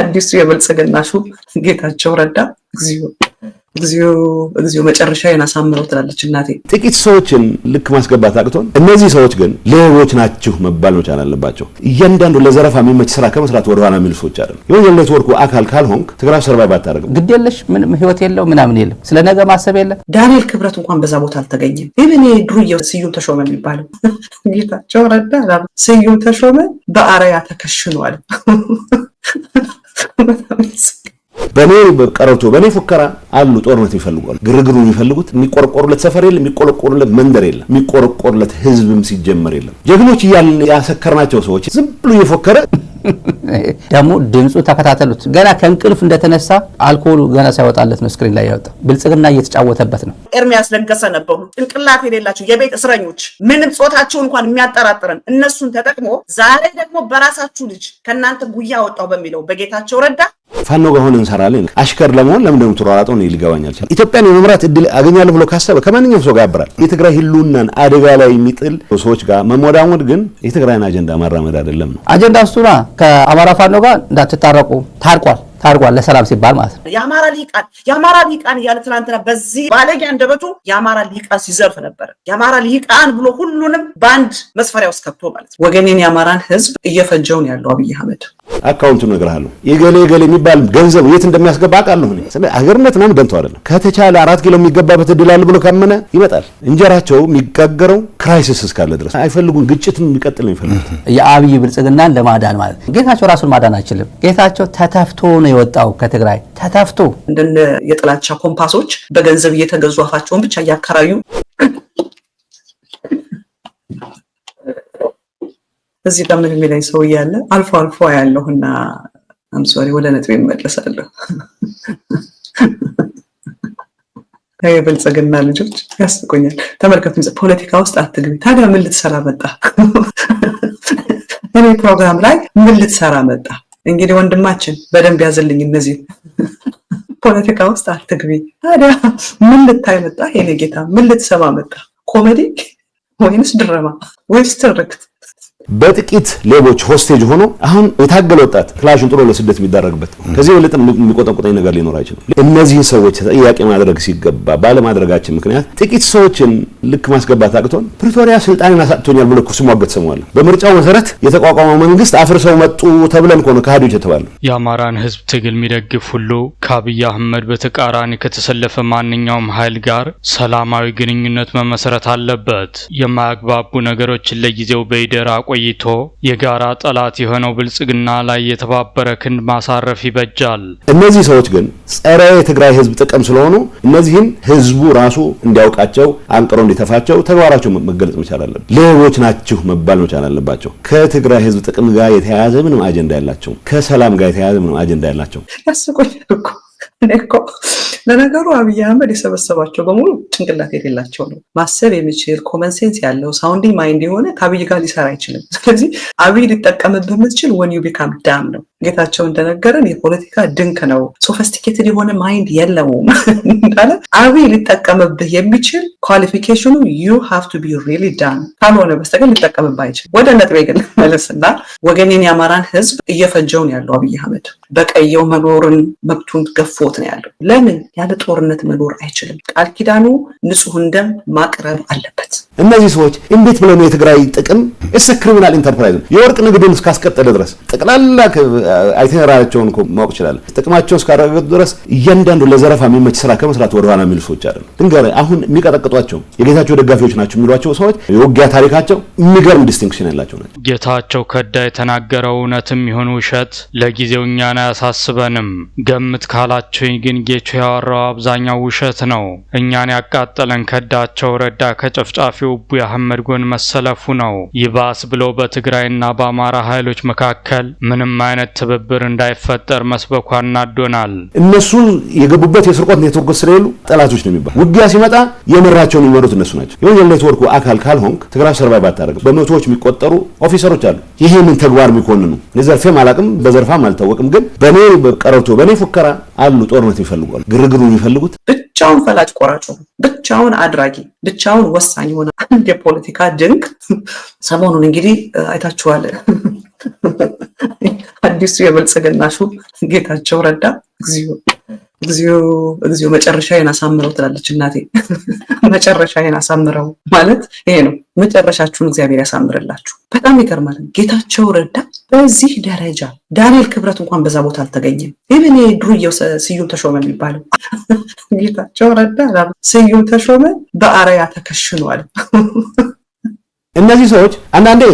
አዲሱ የብልጽግና ሹም ጌታቸው ረዳ እግዚኦ እግዚኦ እግዚኦ መጨረሻዬን አሳምረው ትላለች እናቴ። ጥቂት ሰዎችን ልክ ማስገባት አቅቶን፣ እነዚህ ሰዎች ግን ሌቦች ናችሁ መባል መቻል አለባቸው። እያንዳንዱ ለዘረፋ የሚመች ስራ ከመስራት ወደኋላ የሚሉ ሰዎች አለ። የወንጀል ኔትወርኩ አካል ካልሆንክ ትግራፍ ሰርቫይቭ አታደርግም። ግድ የለሽ ምንም ህይወት የለው ምናምን የለም። ስለ ነገ ማሰብ የለም። ዳንኤል ክብረት እንኳን በዛ ቦታ አልተገኘም። ይህን ድሩዬው ስዩም ተሾመ የሚባለው ጌታቸው ረዳ ስዩም ተሾመ በአረያ ተከሽኗል። በእኔ ቀረቶ በእኔ ፉከራ አሉ ጦርነት የሚፈልጉ ግርግሩ የሚፈልጉት። የሚቆረቆሩለት ሰፈር የለም፣ የሚቆረቆሩለት መንደር የለም፣ የሚቆረቆሩለት ህዝብም ሲጀመር የለም። ጀግኖች እያልን ያሰከርናቸው ሰዎች ዝም ብሎ እየፎከረ ደግሞ ድምፁ ተከታተሉት። ገና ከእንቅልፍ እንደተነሳ አልኮሉ ገና ሳይወጣለት ነው ስክሪን ላይ ያወጣው። ብልጽግና እየተጫወተበት ነው። ኤርሚያስ ለገሰ ነበሩ ጭንቅላት የሌላቸው የቤት እስረኞች፣ ምንም ጾታቸው እንኳን የሚያጠራጥረን እነሱን ተጠቅሞ ዛሬ ደግሞ በራሳችሁ ልጅ ከእናንተ ጉያ ወጣው በሚለው በጌታቸው ረዳ ፋኖ ጋር ሆነ እንሰራለን። አሽከር ለመሆን ለምን እንደምትሯሯጠው ነው ሊገባኝ አልቻለም። ኢትዮጵያን የመምራት እድል አገኛለሁ ብሎ ካሰበ ከማንኛውም ሰው ጋር ያብራል። የትግራይ ህልውናን አደጋ ላይ የሚጥል ሰዎች ጋር መሞዳሞድ ግን የትግራይን አጀንዳ ማራመድ አይደለም ነው። አጀንዳ እሱና ከአማራ ፋኖ ጋር እንዳትታረቁ ታርቋል ታርጓል ለሰላም ሲባል ማለት ነው። የአማራ ሊቃን የአማራ ሊቃን እያለ ትናንትና በዚህ ባለጌ አንደበቱ የአማራ ሊቃን ሲዘርፍ ነበር። የአማራ ሊቃን ብሎ ሁሉንም በአንድ መስፈሪያ ውስጥ ከብቶ ማለት ነው። ወገኔን የአማራን ህዝብ እየፈጀውን ያለው አብይ አህመድ አካውንቱ እነግርሃለሁ። የገሌ ገሌ የሚባል ገንዘብ የት እንደሚያስገባ አውቃለሁ እኔ። ስለዚህ አገርነት ምናምን ደንቶ አይደለም። ከተቻለ አራት ኪሎ የሚገባበት እድል አለ ብሎ ካመነ ይመጣል። እንጀራቸው የሚጋገረው ክራይሲስ እስካለ ድረስ አይፈልጉም። ግጭትም የሚቀጥል ነው የሚፈልጉት። የአብይ ብልጽግናን ለማዳን ማለት ጌታቸው ራሱን ማዳን አይችልም። ጌታቸው ተተፍቶ ነው የወጣው ከትግራይ ተተፍቶ። እንደነ የጥላቻ ኮምፓሶች በገንዘብ እየተገዙ አፋቸውን ብቻ እያከራዩ እዚህ ጋር ምን የሚለኝ ሰው እያለ አልፎ አልፎ ያለሁና አምሶሪ ወደ ነጥቤ እመለሳለሁ። የብልጽግና ልጆች ያስቆኛል። ተመልከቱ፣ ፖለቲካ ውስጥ አትግቢ። ታዲያ ምን ልትሰራ መጣ? እኔ ፕሮግራም ላይ ምን ልትሰራ መጣ? እንግዲህ ወንድማችን በደንብ ያዝልኝ። እነዚህ ፖለቲካ ውስጥ አትግቢ። ታዲያ ምን ልታይ መጣ? የኔ ጌታ ምን ልትሰማ መጣ? ኮሜዲ ወይንስ ድራማ ወይስ ትርክት? በጥቂት ሌቦች ሆስቴጅ ሆኖ አሁን የታገለ ወጣት ክላሽን ጥሎ ለስደት የሚዳረግበት ከዚህ በለጥ የሚቆጠቁጠኝ ነገር ሊኖር አይችልም። እነዚህን ሰዎች ተጠያቂ ማድረግ ሲገባ ባለማድረጋችን ምክንያት ጥቂት ሰዎችን ልክ ማስገባት አቅቶን ፕሪቶሪያ ስልጣን አሳጥቶኛል ብሎ ሟገት ሰማዋለሁ። በምርጫው መሰረት የተቋቋመው መንግስት አፍርሰው መጡ ተብለን ከሆነ ከሃዲዎች የተባሉ የአማራን ህዝብ ትግል የሚደግፍ ሁሉ ከአብይ አህመድ በተቃራኒ ከተሰለፈ ማንኛውም ኃይል ጋር ሰላማዊ ግንኙነት መመሰረት አለበት። የማያግባቡ ነገሮችን ለጊዜው በይደር ቆይቶ የጋራ ጠላት የሆነው ብልጽግና ላይ የተባበረ ክንድ ማሳረፍ ይበጃል። እነዚህ ሰዎች ግን ጸረ የትግራይ ህዝብ ጥቅም ስለሆኑ እነዚህን ህዝቡ ራሱ እንዲያውቃቸው አንቅሮ እንዲተፋቸው ተግባራቸው መገለጽ መቻል አለብ። ሌቦች ናችሁ መባል መቻል አለባቸው። ከትግራይ ህዝብ ጥቅም ጋር የተያያዘ ምንም አጀንዳ የላቸው። ከሰላም ጋር የተያያዘ ምንም አጀንዳ የላቸው። ያስቆኛል እኮ እኔ እኮ ለነገሩ አብይ አህመድ የሰበሰባቸው በሙሉ ጭንቅላት የሌላቸው ነው። ማሰብ የሚችል ኮመን ሴንስ ያለው ሳውንዲ ማይንድ የሆነ ከአብይ ጋር ሊሰራ አይችልም። ስለዚህ አብይ ሊጠቀምብህ የምትችል ወን ዩ ቢካም ዳም ነው። ጌታቸው እንደነገረን የፖለቲካ ድንክ ነው፣ ሶፈስቲኬትድ የሆነ ማይንድ የለውም እንዳለ አብይ ሊጠቀምብህ የሚችል ኳሊፊኬሽኑ ዩ ሃቭ ቱ ቢ ሪሊ ዳን ካልሆነ በስተቀር ሊጠቀምብህ አይችል። ወደ ነጥቤ ግን መልስና ወገኔን የአማራን ህዝብ እየፈጀውን ያለው አብይ አህመድ በቀየው መኖርን መብቱን ገፎት ነው ያለው። ለምን ያለ ጦርነት መኖር አይችልም። ቃል ኪዳኑ ንጹህ እንደም ማቅረብ አለበት። እነዚህ ሰዎች እንዴት ብለው ነው የትግራይ ጥቅም እስ ክሪሚናል ኢንተርፕራይዝ ነው የወርቅ ንግድን እስካስቀጠለ ድረስ ጠቅላላ አይቴራቸውን ማወቅ ይችላል። ጥቅማቸውን እስካረጋገጡ ድረስ እያንዳንዱ ለዘረፋ የሚመች ስራ ከመስራት ወደኋላ የሚሉ ሰዎች አይደሉም። ድንገር አሁን የሚቀጠቅጧቸው የጌታቸው ደጋፊዎች ናቸው የሚሏቸው ሰዎች የውጊያ ታሪካቸው የሚገርም ዲስቲንክሽን ያላቸው ናቸው። ጌታቸው ከዳ የተናገረው እውነትም ይሁን ውሸት ለጊዜው እኛን አያሳስበንም። ገምት ካላቸው ግን ጌቹ ያወራው አብዛኛው ውሸት ነው። እኛን ያቃጠለን ከዳቸው ረዳ ከጨፍጫፊ ደጋፊው የአህመድ ጎን መሰለፉ ነው። ይባስ ብሎ በትግራይና በአማራ ኃይሎች መካከል ምንም አይነት ትብብር እንዳይፈጠር መስበኩ አናዶናል። እነሱ የገቡበት የስርቆት ኔትወርክ ስለሌሉ ጠላቶች ነው የሚባል ውጊያ ሲመጣ የመራቸውን የሚመሩት እነሱ ናቸው። የወንጀል ኔትወርኩ አካል ካልሆንክ ትግራይ ሰርቫይቭ አታደርግም። በመቶዎች የሚቆጠሩ ኦፊሰሮች አሉ። ይህንን ተግባር የሚኮንኑ ዘርፌም አላቅም፣ በዘርፋም አልታወቅም። ግን በእኔ ቀረብቶ በእኔ ፉከራ አሉ ጦርነት የሚፈልጓሉ ግርግሩ የሚፈልጉት ብቻውን ፈላጭ ቆራጭ ሆነ፣ ብቻውን አድራጊ፣ ብቻውን ወሳኝ የሆነ አንድ የፖለቲካ ድንቅ። ሰሞኑን እንግዲህ አይታችኋል። አዲሱ የብልጽግና ሹም ጌታቸው ረዳ እግዚኦ እግዚኦ መጨረሻዬን አሳምረው ትላለች እናቴ። መጨረሻዬን አሳምረው ማለት ይሄ ነው። መጨረሻችሁን እግዚአብሔር ያሳምርላችሁ። በጣም ይገርማል። ጌታቸው ረዳ በዚህ ደረጃ ዳንኤል ክብረት እንኳን በዛ ቦታ አልተገኘም። ይህን ድሩየው ስዩም ተሾመ የሚባለው ጌታቸው ረዳ ስዩም ተሾመ በአረያ ተከሽኗል። እነዚህ ሰዎች አንዳንዴ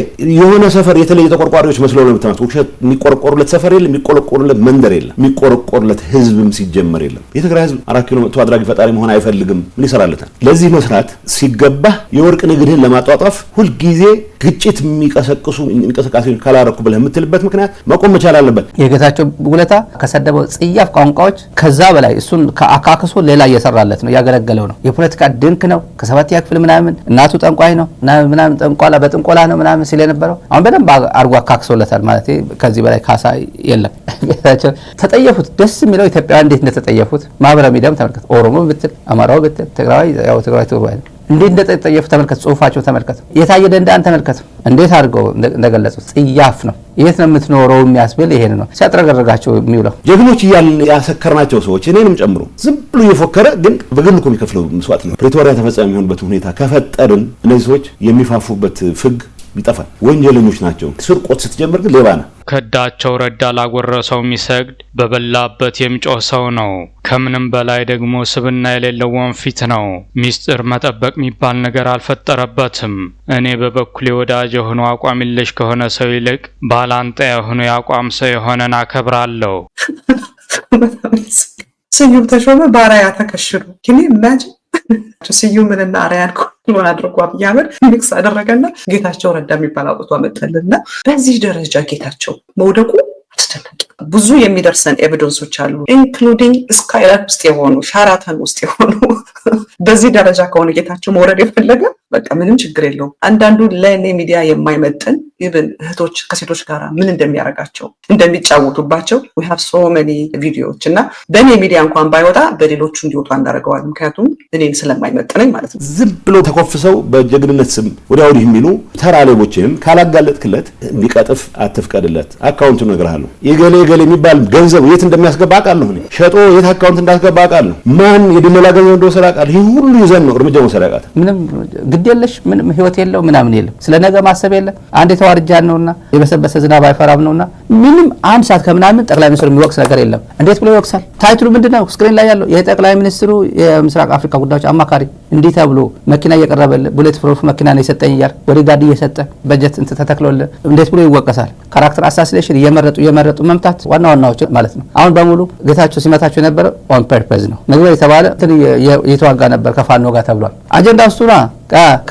የሆነ ሰፈር የተለየ ተቆርቋሪዎች መስለው ነው የምትማት ውሸት። የሚቆረቆሩለት ሰፈር የለም፣ የሚቆረቆሩለት መንደር የለም፣ የሚቆረቆሩለት ህዝብም ሲጀመር የለም። የትግራይ ህዝብ አራት ኪሎ መጥቶ አድራጊ ፈጣሪ መሆን አይፈልግም። ምን ይሰራለታል? ለዚህ መስራት ሲገባ የወርቅ ንግድህን ለማጧጧፍ ሁልጊዜ ግጭት የሚቀሰቅሱ እንቅስቃሴዎች ካላረኩ ብለህ የምትልበት ምክንያት መቆም መቻል አለበት። የጌታቸው ጉለታ ከሰደበው ጽያፍ ቋንቋዎች ከዛ በላይ እሱን ከአካክሶ ሌላ እየሰራለት ነው እያገለገለው ነው። የፖለቲካ ድንክ ነው። ከሰባተኛ ክፍል ምናምን እናቱ ጠንቋይ ነው ምናምን ጠንቋላ በጥንቆላ ነው ምናምን ሲል የነበረው አሁን በደንብ አድርጎ አካክሶለታል። ማለት ከዚህ በላይ ካሳ የለም። ጌታቸው ተጠየፉት። ደስ የሚለው ኢትዮጵያ እንዴት እንደተጠየፉት ማህበራዊ ሚዲያም ተመልከት። ኦሮሞ ብትል፣ አማራው ብትል፣ ትግራዊ ያው ትግራዊ ትግራዊ እንዴት እንደጠየፉ ተመልከት። ጽሁፋቸው ተመልከት። የታየ ደንዳን ተመልከት። እንዴት አድርገው እንደገለጹት ጽያፍ ነው። የት ነው የምትኖረው የሚያስብል ይሄን ነው ሲያጥረገረጋቸው የሚውለው። ጀግኖች እያልን ያሰከርናቸው ሰዎች እኔንም ጨምሮ ዝም ብሎ እየፎከረ ግን በግል እኮ የሚከፍለው ምስዋት ነው። ፕሪቶሪያ ተፈጻሚ የሚሆንበት ሁኔታ ከፈጠርን እነዚህ ሰዎች የሚፋፉበት ፍግ ይጠፋል። ወንጀለኞች ናቸው። ስርቆት ስትጀምር ግን ሌባ ነው። ከዳቸው ረዳ ላጎረሰው የሚሰግድ በበላበት የሚጮህ ሰው ነው። ከምንም በላይ ደግሞ ስብና የሌለው ወንፊት ነው። ሚስጥር መጠበቅ የሚባል ነገር አልፈጠረበትም። እኔ በበኩሌ ወዳጅ የሆኑ አቋም የለሽ ከሆነ ሰው ይልቅ ባላንጣ የሆኑ የአቋም ሰው የሆነን አከብራለሁ። ስዩም ተሾመ ባራያ ተከሽሩ ስዩምንና አርያን ኮሎን አድርጎ አብይ ሚክስ አደረገና ጌታቸው ረዳ የሚባል አውጥቶ አመጣልና በዚህ ደረጃ ጌታቸው መውደቁ ብዙ የሚደርሰን ኤቪደንሶች አሉ ኢንክሉዲንግ ስካይላብ ውስጥ የሆኑ ሻራተን ውስጥ የሆኑ በዚህ ደረጃ ከሆነ ጌታቸው መውረድ የፈለገ በቃ ምንም ችግር የለውም። አንዳንዱ ለእኔ ሚዲያ የማይመጥን ኢቨን እህቶች ከሴቶች ጋር ምን እንደሚያደርጋቸው እንደሚጫወቱባቸው ሀብ ሶ መኒ ቪዲዮዎች እና በእኔ ሚዲያ እንኳን ባይወጣ በሌሎቹ እንዲወጡ እናደርገዋል። ምክንያቱም እኔን ስለማይመጥነኝ ማለት ነው። ዝም ብሎ ተኮፍሰው በጀግንነት ስም ወዲያ ወዲህ የሚሉ ተራ ሌቦችንም ካላጋለጥክለት እንዲቀጥፍ አትፍቀድለት። አካውንቱ እነግርሃለሁ የገሌ እገሌ የሚባል ገንዘብ የት እንደሚያስገባ አውቃለሁ። ሸጦ የት አካውንት እንዳስገባ አውቃለሁ። ማን የድለላ ገንዘብ እንደወሰደ አውቃለሁ። ይህ ሁሉ ይዘን ነው እርምጃ መውሰድ ያቃተ። ምንም ግድ የለሽ ምንም ህይወት የለው ምናምን የለም። ስለ ነገ ማሰብ የለ አንድ የተዋርጃ ነውና የበሰበሰ ዝናብ አይፈራም ነውና ምንም አንድ ሰዓት ከምናምን ጠቅላይ ሚኒስትሩ የሚወቅስ ነገር የለም። እንዴት ብሎ ይወቅሳል? ታይትሉ ምንድን ነው? ስክሪን ላይ ያለው የጠቅላይ ሚኒስትሩ የምስራቅ አፍሪካ ጉዳዮች አማካሪ እንዲህ ተብሎ መኪና እየቀረበ ቡሌት ፕሮፍ መኪና ነው የሰጠኝ እያል ወደ ጋድ እየሰጠ በጀት ተተክሎለ እንዴት ብሎ ይወቀሳል? ካራክተር አሳሲሌሽን እየመረጡ እየመረጡ መምታት ሰባት ዋና ዋናዎች ማለት ነው። አሁን በሙሉ ጌታቸው ሲመታቸው የነበረ ኦን ፐርፐዝ ነው። ምግበር የተባለ የተዋጋ ነበር ከፋኖ ጋር ተብሏል። አጀንዳ ውስጡና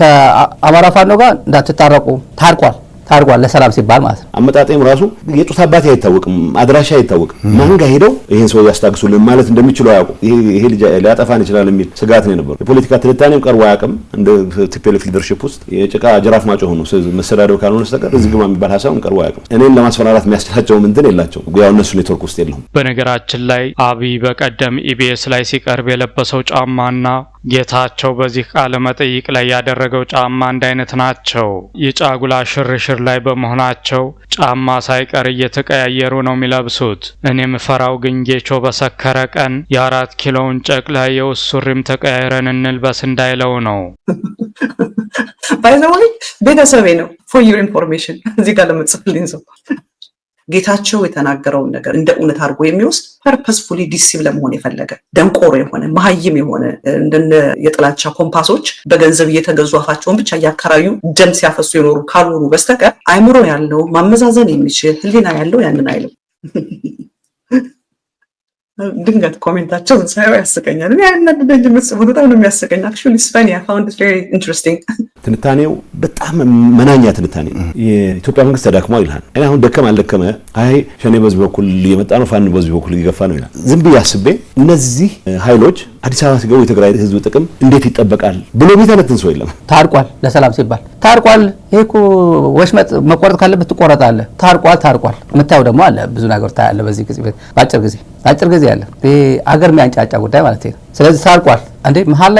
ከአማራ ፋኖ ጋር እንዳትታረቁ ታርቋል። ታርጓል። ለሰላም ሲባል ማለት ነው። አመጣጤም ራሱ የጡት አባቴ አይታወቅም፣ አድራሻ አይታወቅም። ማን ጋር ሄደው ይህን ሰው ያስታግሱልን ማለት እንደሚችሉ አያውቁ። ይሄ ልጅ ሊያጠፋን ይችላል የሚል ስጋት ነው የነበሩ። የፖለቲካ ትንታኔም ቀርቦ አያውቅም። እንደ ቲፒኤልኤፍ ሊደርሺፕ ውስጥ የጭቃ ጅራፍ ማጮ ሆኖ መሰዳደብ ካልሆነ በስተቀር እዚህ ግባ የሚባል ሀሳብም ቀርቦ አያውቅም። እኔን ለማስፈራራት የሚያስችላቸው እንትን የላቸው። ያው እነሱ ኔትወርክ ውስጥ የለሁም። በነገራችን ላይ አብይ በቀደም ኢቢኤስ ላይ ሲቀርብ የለበሰው ጫማና ጌታቸው በዚህ ቃለ መጠይቅ ላይ ያደረገው ጫማ አንድ አይነት ናቸው። የጫጉላ ሽርሽር ላይ በመሆናቸው ጫማ ሳይቀር እየተቀያየሩ ነው የሚለብሱት። እኔ ምፈራው ግን ጌቾ በሰከረ ቀን የአራት ኪሎውን ላይ የውስጥ ሱሪም ተቀያይረን እንልበስ እንዳይለው ነው። ባይዘወይ ቤተሰቤ ነው። ፎር ዩር ኢንፎርሜሽን እዚህ ጋር ለምጽፍልኝ ሰው ጌታቸው የተናገረውን ነገር እንደ እውነት አድርጎ የሚወስድ ፐርፐስፉሊ ዲሲቭ ለመሆን የፈለገ ደንቆሮ የሆነ መሀይም የሆነ እንደነ የጥላቻ ኮምፓሶች በገንዘብ እየተገዙ አፋቸውን ብቻ እያከራዩ ደም ሲያፈሱ የኖሩ ካልሆኑ በስተቀር አይምሮ ያለው ማመዛዘን የሚችል ህሊና ያለው ያንን አይልም። ድንገት ኮሜንታቸው ሳየው ያስቀኛል። ያናድደኝ የምጽፉ በጣም ነው የሚያስቀኝ። አክቹዋሊ ስፈን ፋውንድ ቬሪ ኢንትረስቲንግ ትንታኔው በጣም መናኛ ትንታኔ። የኢትዮጵያ መንግስት ተዳክሟል ይልሃል። እኔ አሁን ደከም አልደከመ አይ ሸኔ በዚህ በኩል እየመጣ ነው፣ ፋኖ በዚህ በኩል እየገፋ ነው ይላል። ዝም ብዬ አስቤ እነዚህ ሀይሎች አዲስ አበባ ሲገቡ የትግራይ ህዝብ ጥቅም እንዴት ይጠበቃል ብሎ የሚተነትን ሰው የለም። ታርቋል፣ ለሰላም ሲባል ታርቋል። ይሄ እኮ ወሽመጥ መቆረጥ ካለበት ትቆረጣለ። ታርቋል፣ ታርቋል። የምታየው ደግሞ አለ፣ ብዙ ነገር ታያለ። በዚህ ጊዜ በአጭር ጊዜ አጭር ጊዜ አለ። አገር የሚያንጫጫ ጉዳይ ማለት ነው። ስለዚህ ታርቋል። እንዴ መሀል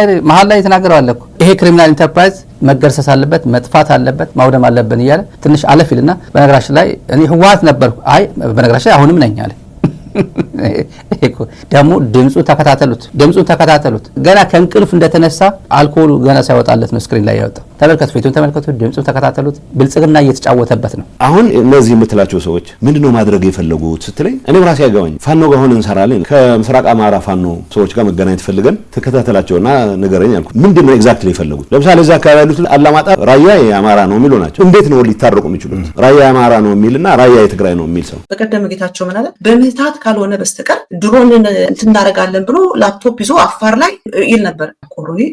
ላይ የተናገረው አለ እኮ ይሄ ክሪሚናል ኢንተርፕራይዝ መገርሰስ አለበት፣ መጥፋት አለበት፣ ማውደም አለብን እያለ ትንሽ አለፊልና በነገራችን ላይ እኔ ህወሓት ነበርኩ። አይ በነገራችን ላይ አሁንም ነኝ አለ ደግሞ ድምፁ ተከታተሉት፣ ድምፁ ተከታተሉት። ገና ከእንቅልፍ እንደተነሳ አልኮሉ ገና ሳይወጣለት ነው ስክሪን ላይ ያወጣው። ተመልከቱ፣ ፊቱን ተመልከቱ፣ ድምፁ ተከታተሉት። ብልጽግና እየተጫወተበት ነው። አሁን እነዚህ የምትላቸው ሰዎች ምንድነው ማድረግ የፈለጉት ስትለኝ እኔም ራሴ ያገባኝ ፋኖ ጋር ሆነን እንሰራለን። ከምስራቅ አማራ ፋኖ ሰዎች ጋር መገናኘት ፈልገን ተከታተላቸውና ንገረኝ አልኩት። ምንድነው ኤግዛክትሊ የፈለጉት? ለምሳሌ እዚ አካባቢ ያሉት አላማጣ ራያ የአማራ ነው የሚሉ ናቸው። እንዴት ነው ሊታረቁ የሚችሉት? ራያ የአማራ ነው የሚልና ራያ የትግራይ ነው የሚል ሰው በቀደም ጌታቸው ምን አለ? በምህታት ካልሆነ በስተቀር ድሮንን እንትናረጋለን እናደርጋለን ብሎ ላፕቶፕ ይዞ አፋር ላይ ይል ነበር።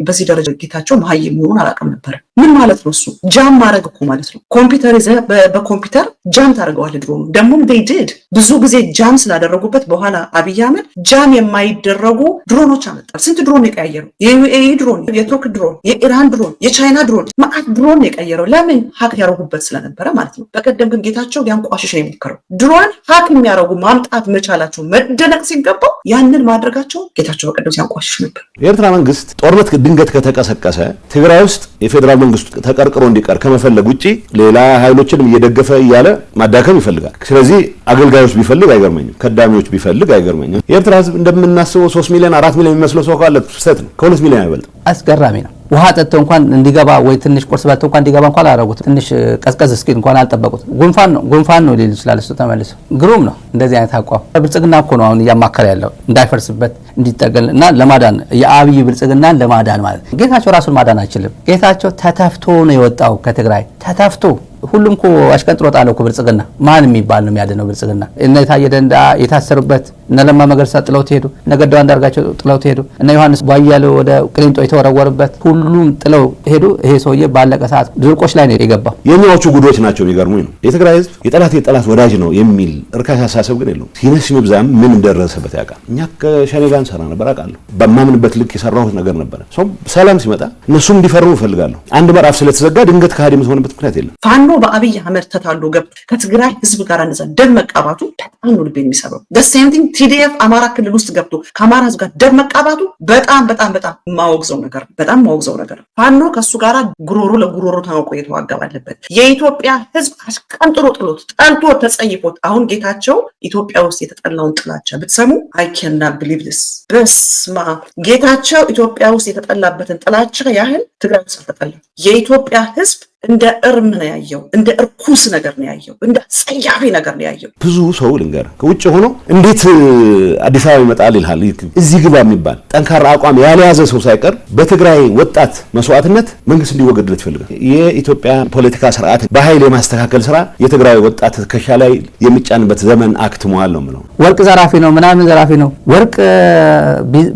በዚህ ደረጃ ጌታቸው መሀይም መሆኑን አላውቅም ነበር። ምን ማለት ነው? እሱ ጃም ማድረግ እኮ ማለት ነው። ኮምፒውተር ይዘ በኮምፒውተር ጃም ታደርገዋለህ። ድሮ ነው ደግሞም ዴይድድ ብዙ ጊዜ ጃም ስላደረጉበት በኋላ አብይ አህመድ ጃም የማይደረጉ ድሮኖች አመጣል። ስንት ድሮን የቀያየረው የዩኤኢ ድሮን፣ የቱርክ ድሮን፣ የኢራን ድሮን፣ የቻይና ድሮን፣ ማአት ድሮን የቀየረው ለምን ሀክ ያደረጉበት ስለነበረ ማለት ነው። በቀደም ግን ጌታቸው ሊያንቋሽሽ ነው የሞከረው። ድሮን ሀክ የሚያደረጉ ማምጣት መቻላቸው መደነቅ ሲገባው ያንን ማድረጋቸው ጌታቸው በቀደም ሲያንቋሽሽ ነበር። የኤርትራ መንግስት ጦርነት ድንገት ከተቀሰቀሰ ትግራይ ውስጥ የፌዴራል መንግስቱ ተቀርቅሮ እንዲቀር ከመፈለግ ውጭ ሌላ ኃይሎችንም እየደገፈ እያለ ማዳከም ይፈልጋል። ስለዚህ አገልጋዮች ቢፈልግ አይገርመኝም፣ ከዳሚዎች ቢፈልግ አይገርመኝም። የኤርትራ ህዝብ እንደምናስበው ሶስት ሚሊዮን አራት ሚሊዮን የሚመስለው ሰው ካለ ሰት ነው፣ ከሁለት ሚሊዮን አይበልጥም። አስገራሚ ነው። ውሃ ጠጥቶ እንኳን እንዲገባ ወይ ትንሽ ቁርስ በልቶ እንኳን እንዲገባ እንኳን አላረጉት። ትንሽ ቀዝቀዝ እስኪል እንኳን አልጠበቁት። ጉንፋን ነው ጉንፋን ነው ሊል ይችላል እሱ ተመልሶ ግሩም ነው። እንደዚህ አይነት አቋም ብልጽግና እኮ ነው አሁን እያማከረ ያለው እንዳይፈርስበት እንዲጠቀል እና ለማዳን የአብይ ብልጽግናን ለማዳን ማለት ጌታቸው ራሱን ማዳን አይችልም። ጌታቸው ተተፍቶ ነው የወጣው ከትግራይ ተተፍቶ ሁሉም እኮ አሽቀንጥሮ ጣለ እኮ ብልጽግና። ማን የሚባል ነው የሚያድነው ብልጽግና? እነ ታየ ደንዳ የታሰሩበት እነ ለማ መገርሳ ጥለው ትሄዱ፣ እነ ገዳው አንዳርጋቸው ጥለው ትሄዱ፣ እነ ዮሐንስ ቧያለው ወደ ቅሊንጦ የተወረወሩበት ሁሉም ጥለው ሄዱ። ይሄ ሰውዬ ባለቀ ሰዓት ድርቆች ላይ ነው የገባው። የኛዎቹ ጉዶች ናቸው። የሚገርሙኝ ነው የትግራይ ህዝብ የጠላት የጠላት ወዳጅ ነው የሚል እርካሽ አስተሳሰብ ግን የለውም። ሲነስ ይብዛም ምን እንደደረሰበት ያውቃል። እኛ ከሸኔ ጋር እንሰራ ነበር አውቃለሁ። በማምንበት ልክ የሰራሁት ነገር ነበረ። ሰው ሰላም ሲመጣ እነሱም እንዲፈርሙ እፈልጋለሁ። አንድ ምዕራፍ ስለተዘጋ ድንገት ከሃዲ የምትሆንበት ምክንያት የለም። ፋኖ በአብይ አህመድ ተታሉ ገብቶ ከትግራይ ህዝብ ጋር እነዛ ደም መቃባቱ በጣም ነው ልብ የሚሰበው። ደስቲንቲንግ ቲዲኤፍ አማራ ክልል ውስጥ ገብቶ ከአማራ ህዝብ ጋር ደም መቃባቱ በጣም በጣም በጣም ማወግዘው ነገር በጣም ማወግዘው ነገር ፋኖ ከእሱ ጋር ጉሮሮ ለጉሮሮ ታውቆ የተዋጋ ባለበት የኢትዮጵያ ህዝብ አሽቀንጥሮ ጥሎት ጠልቶ ተጸይፎት አሁን ጌታቸው ኢትዮጵያ ውስጥ የተጠላውን ጥላቻ ብትሰሙ ብሊቭ ብሊቭስ በስማ ጌታቸው ኢትዮጵያ ውስጥ የተጠላበትን ጥላቻ ያህል ትግራይ ውስጥ አልተጠላም። የኢትዮጵያ ህዝብ እንደ እርም ነው ያየው፣ እንደ እርኩስ ነገር ነው ያየው፣ እንደ ጸያፊ ነገር ነው ያየው። ብዙ ሰው ልንገር ከውጭ ሆኖ እንዴት አዲስ አበባ ይመጣል ይልሃል። እዚህ ግባ የሚባል ጠንካራ አቋም ያልያዘ ሰው ሳይቀር በትግራይ ወጣት መስዋዕትነት መንግስት እንዲወገድለት ይፈልጋል። የኢትዮጵያ ፖለቲካ ስርዓት በኃይል የማስተካከል ስራ የትግራይ ወጣት ትከሻ ላይ የሚጫንበት ዘመን አክትመዋል ነው የምለው። ወርቅ ዘራፊ ነው ምናምን ዘራፊ ነው። ወርቅ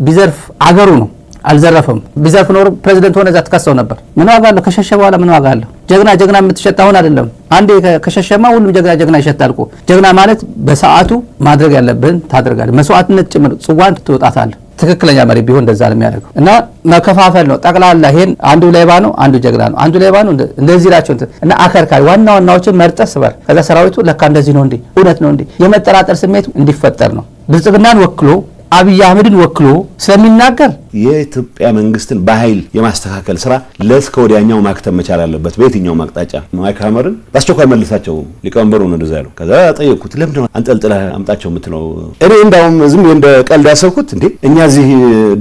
ቢዘርፍ አገሩ ነው አልዘረፈም። ቢዘርፍ ኖሮ ፕሬዚደንት ሆነ እዛ ትከሰው ነበር። ምን ዋጋ አለው? ከሸሸ በኋላ ምን ዋጋ አለው? ጀግና ጀግና የምትሸጥ አሁን አይደለም። አንዴ ከሸሸማ ሁሉም ጀግና ጀግና ይሸጣል እኮ። ጀግና ማለት በሰዓቱ ማድረግ ያለብን ታደርጋለህ፣ መስዋዕትነት ጭምር ጽዋን ትወጣታለህ። ትክክለኛ መሪ ቢሆን እንደዛ ነው የሚያደርገው። እና መከፋፈል ነው ጠቅላላ። ይሄን አንዱ ሌባ ነው፣ አንዱ ጀግና ነው፣ አንዱ ሌባ ነው፣ እንደዚህ ላቸው እና አከርካሪ ዋና ዋናዎችን መርጠህ ስበር። ከዛ ሰራዊቱ ለካ እንደዚህ ነው እንዴ፣ እውነት ነው እንዴ፣ የመጠራጠር ስሜት እንዲፈጠር ነው። ብልጽግናን ወክሎ አብይ አህመድን ወክሎ ስለሚናገር የኢትዮጵያ መንግስትን በኃይል የማስተካከል ስራ ለእስከ ወዲያኛው ማክተም መቻል አለበት። በየትኛውም አቅጣጫ ማይክ ሀመርን በአስቸኳይ መልሳቸው ሊቀመንበሩ ነው እንደዛ ያለው። ከዛ ጠየቅኩት ለምንድን ነው አንጠልጥለህ አምጣቸው የምትለው? እኔ እንዳውም ዝም እንደ ቀልድ ያሰብኩት እንዴ እኛ እዚህ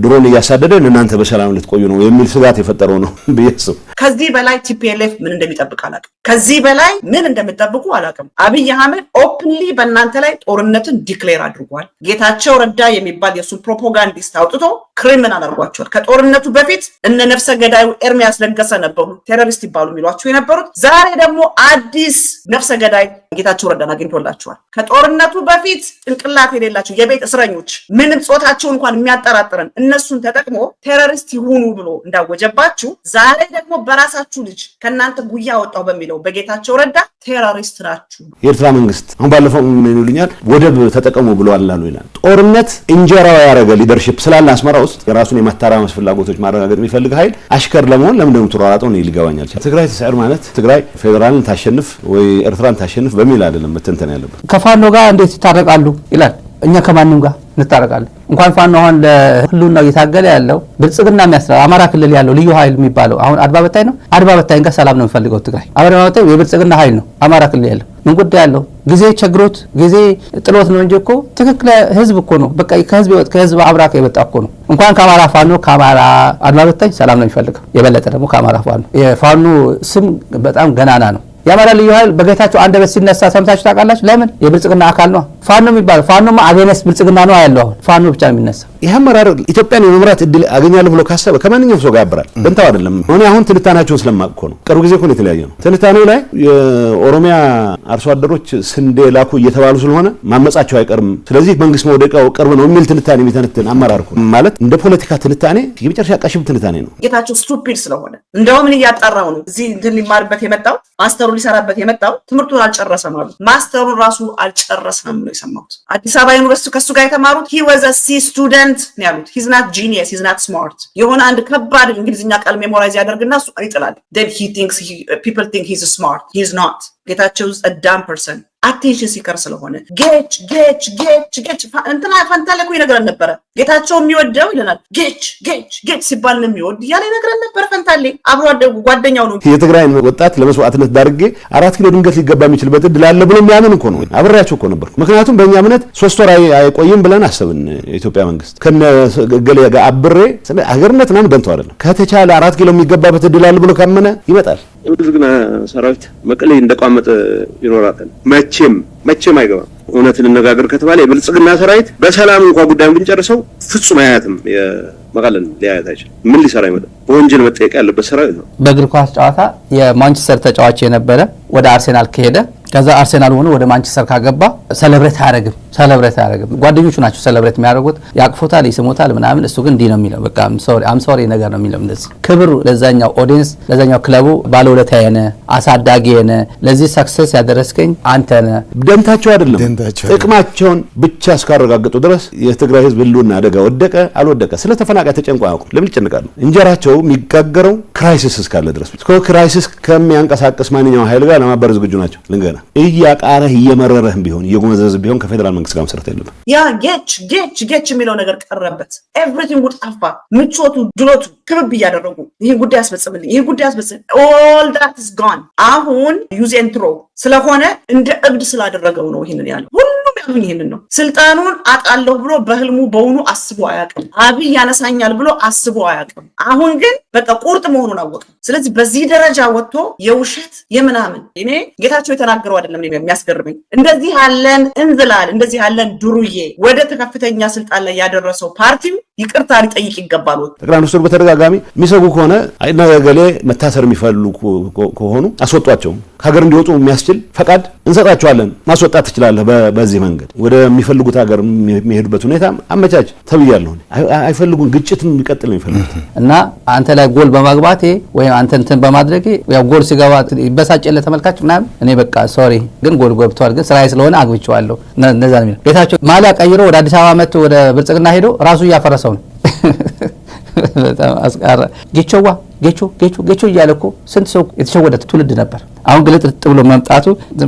ድሮን እያሳደደን እናንተ በሰላም ልትቆዩ ነው የሚል ስጋት የፈጠረው ነው ብዬ አስብ ከዚህ በላይ ቲፒኤልኤፍ ምን እንደሚጠብቅ አላቅም። ከዚህ በላይ ምን እንደሚጠብቁ አላቅም። አብይ አህመድ ኦፕንሊ በእናንተ ላይ ጦርነትን ዲክሌር አድርጓል። ጌታቸው ረዳ የሚባል የእሱን ፕሮፓጋንዲስት አውጥቶ ክሪምን አደርጓቸዋል። ከጦርነቱ በፊት እነ ነፍሰ ገዳዩ ኤርሚያስ ለገሰ ነበሩ ቴሮሪስት ይባሉ የሚሏቸው የነበሩት። ዛሬ ደግሞ አዲስ ነፍሰ ገዳይ ጌታቸው ረዳን አግኝቶላቸዋል። ከጦርነቱ በፊት ጭንቅላት የሌላቸው የቤት እስረኞች ምንም ጾታቸው እንኳን የሚያጠራጥረን እነሱን ተጠቅሞ ቴሮሪስት ይሁኑ ብሎ እንዳወጀባችሁ ዛሬ ደግሞ በራሳችሁ ልጅ ከእናንተ ጉያ ወጣው በሚለው በጌታቸው ረዳ ቴሮሪስት ናችሁ። የኤርትራ መንግስት አሁን ባለፈው ምን ይሉኛል ወደብ ተጠቀሙ ብሎ አላሉ ይላል። ጦርነት እንጀራው ያደረገ ሊደርሽፕ ስላለ አስመራ ውስጥ የራሱን የማተራመስ ፍላጎቶች ማረጋገጥ የሚፈልግ ኃይል አሽከር ለመሆን ለምንድነው የምትሯሯጠው? እኔ ትግራይ ተሰዕር ማለት ትግራይ ፌዴራልን ታሸንፍ ወይ ኤርትራን ታሸንፍ በሚል አይደለም መተንተን ያለበት። ከፋኖ ጋር እንዴት ይታረቃሉ ይላል። እኛ ከማንም ጋር እንታረቃለን። እንኳን ፋኖ አሁን ለህልውናው እየታገለ ያለው ብልጽግና የሚያስራ አማራ ክልል ያለው ልዩ ኃይል የሚባለው አሁን አድባ በታኝ ነው። አድባ በታኝ ጋር ሰላም ነው የሚፈልገው ትግራይ። አድባ በታኝ የብልጽግና ኃይል ነው አማራ ክልል ያለው ምን ጉዳይ ያለው ጊዜ ቸግሮት ጊዜ ጥሎት ነው እንጂ እኮ ትክክለ ህዝብ እኮ ነው። በቃ ከህዝብ ይወጥ ከህዝብ አብራ የመጣ እኮ ነው። እንኳን ከአማራ ፋኖ ከአማራ አድማ በታኝ ሰላም ነው የሚፈልገው። የበለጠ ደግሞ ከአማራ ፋኖ የፋኖ ስም በጣም ገናና ነው። የአማራ ልዩ ኃይል በጌታቸው አንደበት ሲነሳ ሰምታችሁ ታውቃላችሁ? ለምን የብልጽግና አካል ነው። ፋኖ የሚባለው ፋኖ አገነስ ብልጽግና ነው ያለው። አሁን ፋኖ ብቻ ነው የሚነሳ። ይህ አመራር ኢትዮጵያን የመምራት እድል አገኛለሁ ብሎ ካሰበ ከማንኛውም ሰው ጋር ያበራል። በንታው አይደለም። እኔ አሁን ትንታናቸውን ስለማቅ እኮ ነው። ቅርብ ጊዜ እኮ ነው የተለያየ ነው። ትንታኔው ላይ የኦሮሚያ አርሶ አደሮች ስንዴ ላኩ እየተባሉ ስለሆነ ማመጻቸው አይቀርም፣ ስለዚህ መንግስት መውደቀው ቅርብ ነው የሚል ትንታኔ የሚተነትን አመራር እኮ ማለት እንደ ፖለቲካ ትንታኔ የመጨረሻ ቀሽም ትንታኔ ነው። ጌታቸው ስቱፒድ ስለሆነ እንደውም እያጣራው ነው እዚህ እንትን ሊማርበት የመጣው ማስተሩ ሊሰራበት የመጣው ትምህርቱን አልጨረሰም አሉ። ማስተሩን ራሱ አልጨረሰም ነው የሰማሁት። አዲስ አበባ ዩኒቨርሲቲ ከሱ ጋር የተማሩት ሂ ወዝ ሲ ስቱደንት ነው ያሉት። ሂዝ ናት ጂኒየስ ሂዝ ናት ስማርት። የሆነ አንድ ከባድ እንግሊዝኛ ቃል ሜሞራይዝ ያደርግና እሱ ይጥላል። ሂ ቲንክስ ፒፕል ቲንክ ሂዝ ስማርት ሂዝ ናት ጌታቸው ጸዳም ፐርሰን አቴንሽን ሲከር ስለሆነ ጌች ጌች ጌች ጌች እንትና ፈንታሌ እኮ ይነግረን ነበረ። ጌታቸው የሚወደው ይለናል። ጌች ጌች ጌች ሲባል ነው የሚወድ እያለ ይነግረን ነበረ። ፈንታሌ አብሮ አደጉ ጓደኛው ነው። የትግራይን ወጣት ለመስዋዕትነት ዳርጌ አራት ኪሎ ድንገት ሊገባ የሚችልበት እድል አለ ብሎ የሚያምን እኮ ነው። አብሬያቸው እኮ ነበር። ምክንያቱም በእኛ እምነት ሶስት ወር አይቆይም ብለን አሰብን። የኢትዮጵያ መንግስት ከነገሌ ጋር አብሬ ስለ ሀገርነት ምናምን በንተው አይደለም ከተቻለ አራት ኪሎ የሚገባበት እድል አለ ብሎ ካመነ ይመጣል። የብልጽግና ሰራዊት መቀሌ እንደቋመጠ ይኖራታል። መቼም መቼም አይገባም። እውነት እንነጋገር ከተባለ የብልጽግና ሰራዊት በሰላም እንኳ ጉዳዩን ብንጨርሰው ፍጹም አያትም መቀለን ሊያያት አይችልም። ምን ሊሰራ ይመጣል? በወንጀል መጠየቅ ያለበት ሰራዊት ነው። በእግር ኳስ ጨዋታ የማንቸስተር ተጫዋች የነበረ ወደ አርሴናል ከሄደ ከዛ አርሴናል ሆኖ ወደ ማንቸስተር ካገባ ሰለብሬት አያደረግም። ሰለብሬት አያደረግም። ጓደኞቹ ናቸው ሰለብሬት የሚያደርጉት፣ ያቅፎታል፣ ይስሞታል ምናምን። እሱ ግን እንዲህ ነው የሚለው፣ በቃ አምሶሪ ነገር ነው የሚለው። እንደዚህ ክብር ለዛኛው ኦዲየንስ፣ ለዛኛው ክለቡ ባለውለታ የነ አሳዳጊ የነ ለዚህ ሰክሰስ ያደረስገኝ አንተ ነ። ደንታቸው አይደለም ጥቅማቸውን ብቻ እስካረጋግጡ ድረስ የትግራይ ህዝብ ህልውና አደጋ ወደቀ አልወደቀ ስለ ተፈናቃይ ተጨንቆ አያውቁ። ለምን ይጨንቃሉ? እንጀራቸው የሚጋገረው ክራይሲስ እስካለ ድረስ ክራይሲስ ከሚያንቀሳቀስ ማንኛውም ኃይል ጋር ለማበር ዝግጁ ናቸው። ልንገና እያቃረህ እየመረረህም ቢሆን እየጎመዘዝ ቢሆን ከፌዴራል መንግስት ጋር መሰረት የለብህ። ያ ጌች ጌች ጌች የሚለው ነገር ቀረበት። ኤቭሪቲንግ ጉድ ጠፋ። ምቾቱ፣ ድሎቱ ክብብ እያደረጉ ይህ ጉዳይ ያስፈጽምልኝ፣ ይህ ጉዳይ ያስፈጽምልኝ፣ ኦል ዳት ኢዝ ጋን። አሁን ዩዝ ኤንትሮ ስለሆነ እንደ እብድ ስላደረገው ነው ይህንን ያለው አያቅም። ይህንን ነው። ስልጣኑን አጣለሁ ብሎ በህልሙ በውኑ አስቦ አያቅም አብይ ያነሳኛል ብሎ አስቦ አያቅም አሁን ግን በቃ ቁርጥ መሆኑን አወቀ። ስለዚህ በዚህ ደረጃ ወጥቶ የውሸት የምናምን እኔ ጌታቸው የተናገረው አይደለም የሚያስገርመኝ። እንደዚህ ያለን እንዝላል፣ እንደዚህ ያለን ዱርዬ ወደ ከፍተኛ ስልጣን ላይ ያደረሰው ፓርቲው ይቅርታ ሊጠይቅ ይገባል። ጠቅላይ ሚኒስትሩ በተደጋጋሚ የሚሰጉ ከሆነ ነገገሌ መታሰር የሚፈልጉ ከሆኑ አስወጧቸው፣ ከሀገር እንዲወጡ የሚያስችል ፈቃድ እንሰጣቸዋለን፣ ማስወጣት ትችላለህ፣ በዚህ መንገድ ወደሚፈልጉት ሀገር የሚሄዱበት ሁኔታ አመቻች ተብያለሁ። አይፈልጉን ግጭት የሚቀጥል የሚፈልጉት እና አንተ ላይ ጎል በማግባቴ ወይም አንተ እንትን በማድረጌ ያው ጎል ሲገባ ይበሳጭ ለተመልካች ምናምን እኔ በቃ ሶሪ፣ ግን ጎል ገብተዋል፣ ግን ስራዬ ስለሆነ አግብቼዋለሁ። ቤታቸው ማሊያ ቀይሮ ወደ አዲስ አበባ መጥቶ ወደ ብልጽግና ሄዶ ራሱ እያፈረሰው በጣም አስቃራ ጌቾዋ ጌቾ ጌቾ ጌቾ እያለ እኮ ስንት ሰው የተሸወደ ትውልድ ነበር። አሁን ግልጥጥ ብሎ መምጣቱ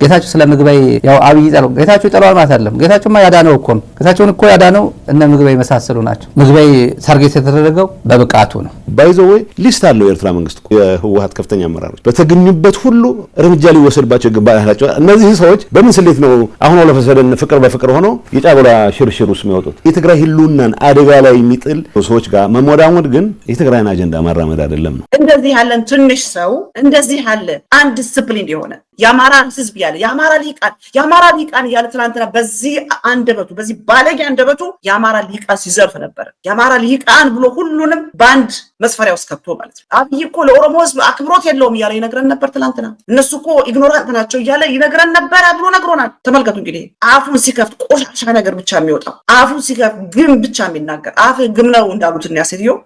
ጌታችሁ ስለ ምግባይ ያው አብይ ጠለው ጌታችሁ ይጠለዋል ማለት አይደለም። ጌታችሁማ ያዳነው እኮ ነው። ጌታችሁን እኮ ያዳነው እነ ምግባይ መሳሰሉ ናቸው። ምግባይ ታርጌት የተደረገው በብቃቱ ነው። ባይዞ ወይ ሊስት አለው የኤርትራ መንግስት የህወሀት ከፍተኛ አመራሮች በተገኙበት ሁሉ እርምጃ ሊወሰድባቸው ይገባል ያላቸው እነዚህ ሰዎች በምን ስሌት ነው አሁን ለፈሰደን ፍቅር በፍቅር ሆኖ የጫጉላ ሽርሽር ውስጥ የሚወጡት? የትግራይ ህልውናን አደጋ ላይ የሚጥል ሰዎች ጋር መሞዳሞድ ግን የትግራይን አጀንዳ ማራመድ አይደለም ነው። እንደዚህ ያለን ትንሽ ሰው እንደዚህ ያለ አንድ ዲስፕሊን የሆነ የአማራ ህዝብ ያለ የአማራ ሊቃን የአማራ ሊቃን ያለ ትናንትና በዚህ አንደበቱ በዚህ ባለጌ አንደበቱ የአማራ ሊቃን ሲዘርፍ ነበር። የአማራ ሊቃን ብሎ ሁሉንም በአንድ መስፈሪያ ውስጥ ከቶ ማለት ነው። አብይ እኮ ለኦሮሞ ህዝብ አክብሮት የለውም እያለ ይነግረን ነበር። ትናንትና እነሱ እኮ ኢግኖራንት ናቸው እያለ ይነግረን ነበረ ብሎ ነግሮናል። ተመልከቱ እንግዲህ አፉን ሲከፍት ቆሻሻ ነገር ብቻ የሚወጣው አፉን ሲከፍት ግም ብቻ የሚናገር አፍ ግም ነው እንዳሉት ሴትዮ